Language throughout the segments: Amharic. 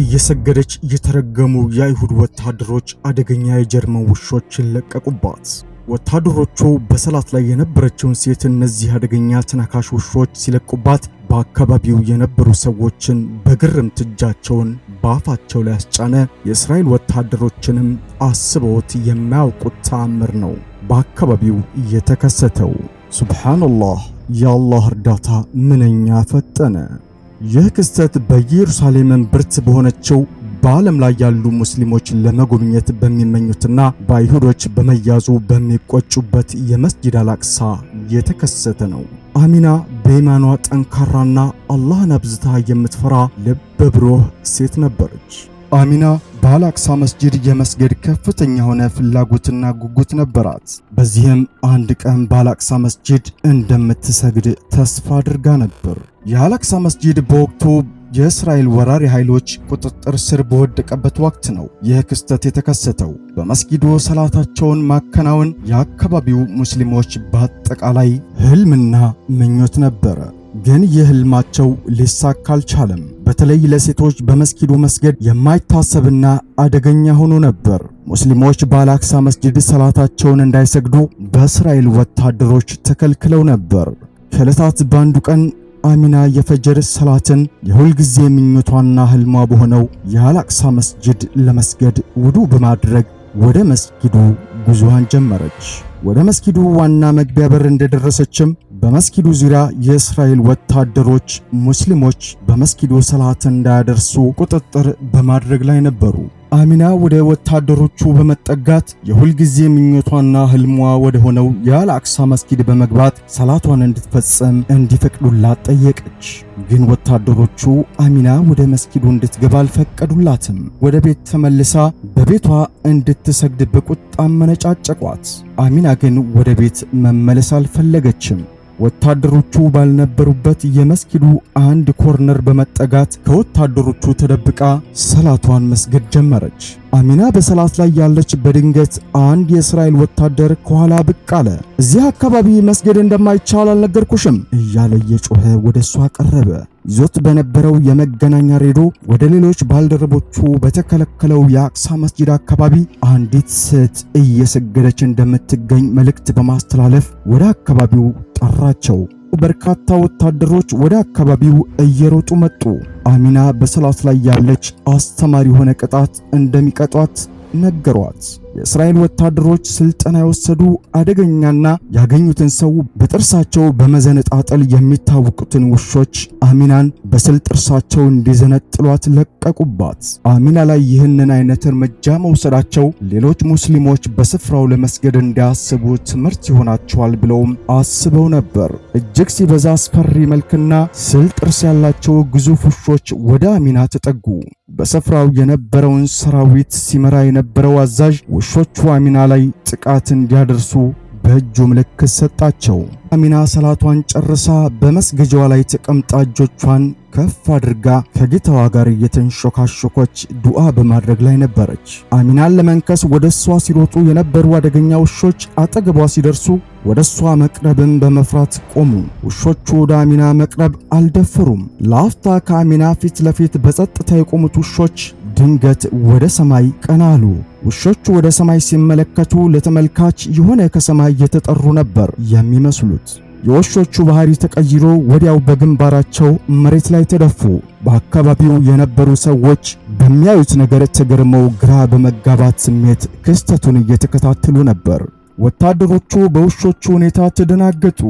እየሰገደች የተረገሙ የአይሁድ ወታደሮች አደገኛ የጀርመን ውሾች ለቀቁባት። ወታደሮቹ በሰላት ላይ የነበረችውን ሴት እነዚህ አደገኛ ተናካሽ ውሾች ሲለቁባት በአካባቢው የነበሩ ሰዎችን በግርምት እጃቸውን በአፋቸው ላይ ያስጫነ የእስራኤል ወታደሮችንም አስበውት የማያውቁት ተአምር ነው በአካባቢው እየተከሰተው ሱብሓነላህ፣ የአላህ እርዳታ ምንኛ ፈጠነ። ይህ ክስተት በኢየሩሳሌም ብርት በሆነችው በዓለም ላይ ያሉ ሙስሊሞች ለመጎብኘት በሚመኙትና በአይሁዶች በመያዙ በሚቆጩበት የመስጂድ አላቅሳ የተከሰተ ነው። አሚና በኢማኗ ጠንካራና አላህን አብዝታ የምትፈራ ልብ ብሩህ ሴት ነበረች። አሚና በአላቅሳ መስጂድ የመስገድ ከፍተኛ የሆነ ፍላጎትና ጉጉት ነበራት። በዚህም አንድ ቀን በአላቅሳ መስጂድ እንደምትሰግድ ተስፋ አድርጋ ነበር። የአላቅሳ መስጂድ በወቅቱ የእስራኤል ወራሪ ኃይሎች ቁጥጥር ስር በወደቀበት ወቅት ነው ይህ ክስተት የተከሰተው። በመስጊዱ ሰላታቸውን ማከናወን የአካባቢው ሙስሊሞች በአጠቃላይ ህልምና ምኞት ነበረ። ግን ይህ ህልማቸው ሊሳካ አልቻለም። በተለይ ለሴቶች በመስጊዱ መስገድ የማይታሰብና አደገኛ ሆኖ ነበር። ሙስሊሞች በአላክሳ መስጅድ ሰላታቸውን እንዳይሰግዱ በእስራኤል ወታደሮች ተከልክለው ነበር። ከዕለታት በአንዱ ቀን አሚና የፈጀር ሰላትን የሁልጊዜ ምኞቷና ህልሟ በሆነው የአላክሳ መስጅድ ለመስገድ ውዱ በማድረግ ወደ መስጊዱ ጉዞዋን ጀመረች። ወደ መስጊዱ ዋና መግቢያ በር እንደደረሰችም በመስጊዱ ዙሪያ የእስራኤል ወታደሮች ሙስሊሞች በመስጊዱ ሰላት እንዳያደርሱ ቁጥጥር በማድረግ ላይ ነበሩ። አሚና ወደ ወታደሮቹ በመጠጋት የሁልጊዜ ምኞቷና ህልሟ ወደ ሆነው የአልአቅሳ መስጊድ በመግባት ሰላቷን እንድትፈጽም እንዲፈቅዱላት ጠየቀች። ግን ወታደሮቹ አሚና ወደ መስጊዱ እንድትገባ አልፈቀዱላትም። ወደ ቤት ተመልሳ በቤቷ እንድትሰግድ በቁጣ መነጫጨቋት። አሚና ግን ወደ ቤት መመለስ አልፈለገችም። ወታደሮቹ ባልነበሩበት የመስጊዱ አንድ ኮርነር በመጠጋት ከወታደሮቹ ተደብቃ ሰላቷን መስገድ ጀመረች። አሚና በሰላት ላይ ያለች በድንገት አንድ የእስራኤል ወታደር ከኋላ ብቅ አለ። እዚህ አካባቢ መስገድ እንደማይቻል አልነገርኩሽም እያለ እየጮኸ ወደ እሷ ቀረበ። ይዞት በነበረው የመገናኛ ሬዲዮ ወደ ሌሎች ባልደረቦቹ በተከለከለው የአቅሳ መስጂድ አካባቢ አንዲት ሴት እየሰገደች እንደምትገኝ መልእክት በማስተላለፍ ወደ አካባቢው ጠራቸው። በርካታ ወታደሮች ወደ አካባቢው እየሮጡ መጡ። አሚና በሰላት ላይ ያለች አስተማሪ የሆነ ቅጣት እንደሚቀጧት ነገሯት። የእስራኤል ወታደሮች ስልጠና የወሰዱ አደገኛና ያገኙትን ሰው በጥርሳቸው በመዘነጣጠል የሚታወቁትን ውሾች አሚናን በስል ጥርሳቸው እንዲዘነጥሏት ለቀቁባት። አሚና ላይ ይህንን አይነት እርምጃ መውሰዳቸው ሌሎች ሙስሊሞች በስፍራው ለመስገድ እንዲያስቡ ትምህርት ይሆናቸዋል ብለውም አስበው ነበር። እጅግ ሲበዛ አስፈሪ መልክና ስል ጥርስ ያላቸው ግዙፍ ውሾች ወደ አሚና ተጠጉ። በስፍራው የነበረውን ሰራዊት ሲመራ የነበረው አዛዥ በውሾቹ አሚና ላይ ጥቃት እንዲያደርሱ በእጁ ምልክት ሰጣቸው። አሚና ሰላቷን ጨርሳ በመስገጃዋ ላይ ተቀምጣ እጆቿን ከፍ አድርጋ ከጌታዋ ጋር እየተንሾካሾኮች ዱዓ በማድረግ ላይ ነበረች። አሚናን ለመንከስ ወደ እሷ ሲሮጡ የነበሩ አደገኛ ውሾች አጠገቧ ሲደርሱ ወደ እሷ መቅረብን በመፍራት ቆሙ። ውሾቹ ወደ አሚና መቅረብ አልደፈሩም። ለአፍታ ከአሚና ፊት ለፊት በጸጥታ የቆሙት ውሾች ድንገት ወደ ሰማይ ቀና አሉ። ውሾቹ ወደ ሰማይ ሲመለከቱ ለተመልካች የሆነ ከሰማይ የተጠሩ ነበር የሚመስሉት። የውሾቹ ባህሪ ተቀይሮ ወዲያው በግንባራቸው መሬት ላይ ተደፉ። በአካባቢው የነበሩ ሰዎች በሚያዩት ነገር ተገርመው ግራ በመጋባት ስሜት ክስተቱን እየተከታተሉ ነበር። ወታደሮቹ በውሾቹ ሁኔታ ተደናገጡ።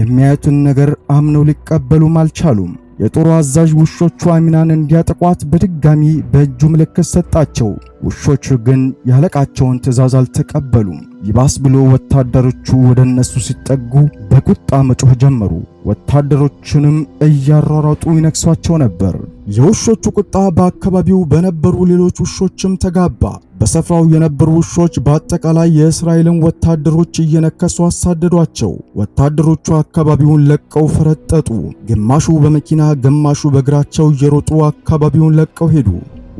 የሚያዩትን ነገር አምነው ሊቀበሉም አልቻሉም። የጦሩ አዛዥ ውሾቹ አሚናን እንዲያጠቋት በድጋሚ በእጁ ምልክት ሰጣቸው። ውሾቹ ግን ያለቃቸውን ትዕዛዝ አልተቀበሉም። ይባስ ብሎ ወታደሮቹ ወደ እነሱ ሲጠጉ በቁጣ መጮህ ጀመሩ። ወታደሮቹንም እያሯሯጡ ይነክሷቸው ነበር። የውሾቹ ቁጣ በአካባቢው በነበሩ ሌሎች ውሾችም ተጋባ። በስፍራው የነበሩ ውሾች በአጠቃላይ የእስራኤልን ወታደሮች እየነከሱ አሳደዷቸው። ወታደሮቹ አካባቢውን ለቀው ፈረጠጡ። ግማሹ በመኪና ግማሹ በእግራቸው እየሮጡ አካባቢውን ለቀው ሄዱ።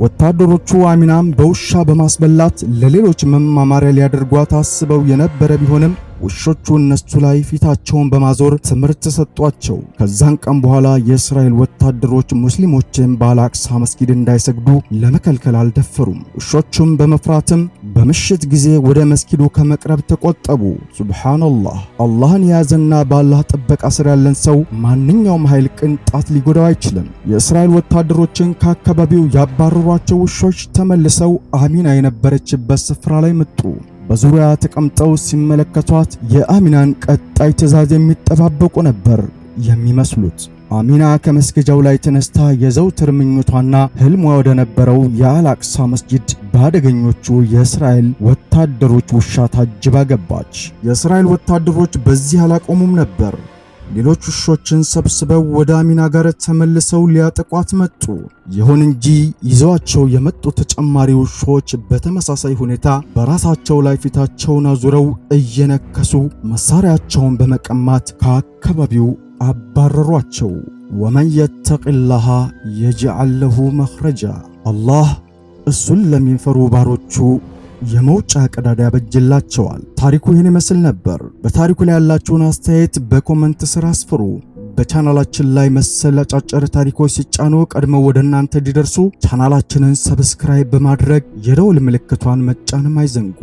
ወታደሮቹ አሚናም በውሻ በማስበላት ለሌሎች መማማሪያ ሊያደርጓት አስበው የነበረ ቢሆንም ውሾቹ እነሱ ላይ ፊታቸውን በማዞር ትምህርት ሰጧቸው። ከዛን ቀን በኋላ የእስራኤል ወታደሮች ሙስሊሞችን በአልአቅሳ መስጊድ እንዳይሰግዱ ለመከልከል አልደፈሩም። ውሾቹም በመፍራትም በምሽት ጊዜ ወደ መስጊዱ ከመቅረብ ተቆጠቡ። ሱብሃነላህ። አላህን የያዘና በአላህ ጥበቃ ስር ያለን ሰው ማንኛውም ኃይል ቅንጣት ሊጎዳው አይችልም። የእስራኤል ወታደሮችን ከአካባቢው ያባረሯቸው ውሾች ተመልሰው አሚና የነበረችበት ስፍራ ላይ መጡ። በዙሪያ ተቀምጠው ሲመለከቷት የአሚናን ቀጣይ ትዕዛዝ የሚጠባበቁ ነበር የሚመስሉት። አሚና ከመስገጃው ላይ ተነስታ የዘውትር ምኞቷና ህልሟ ወደ ነበረው የአላቅሳ መስጂድ በአደገኞቹ የእስራኤል ወታደሮች ውሻ ታጅባ ገባች። የእስራኤል ወታደሮች በዚህ አላቆሙም ነበር። ሌሎች ውሾችን ሰብስበው ወደ አሚና ጋር ተመልሰው ሊያጠቋት መጡ። ይሁን እንጂ ይዘዋቸው የመጡ ተጨማሪ ውሾች በተመሳሳይ ሁኔታ በራሳቸው ላይ ፊታቸውን አዙረው እየነከሱ መሳሪያቸውን በመቀማት ከአካባቢው አባረሯቸው። ወመን የተቅላሃ የጅዐል መኽረጃ አላህ እሱን ለሚንፈሩ ባሮቹ የመውጫ ቀዳዳ ያበጅላቸዋል። ታሪኩ ይህን ይመስል ነበር። በታሪኩ ላይ ያላችሁን አስተያየት በኮመንት ስር አስፍሩ። በቻናላችን ላይ መሰል አጫጭር ታሪኮች ሲጫኑ ቀድመው ወደ እናንተ እንዲደርሱ ቻናላችንን ሰብስክራይብ በማድረግ የደውል ምልክቷን መጫንም አይዘንጉ።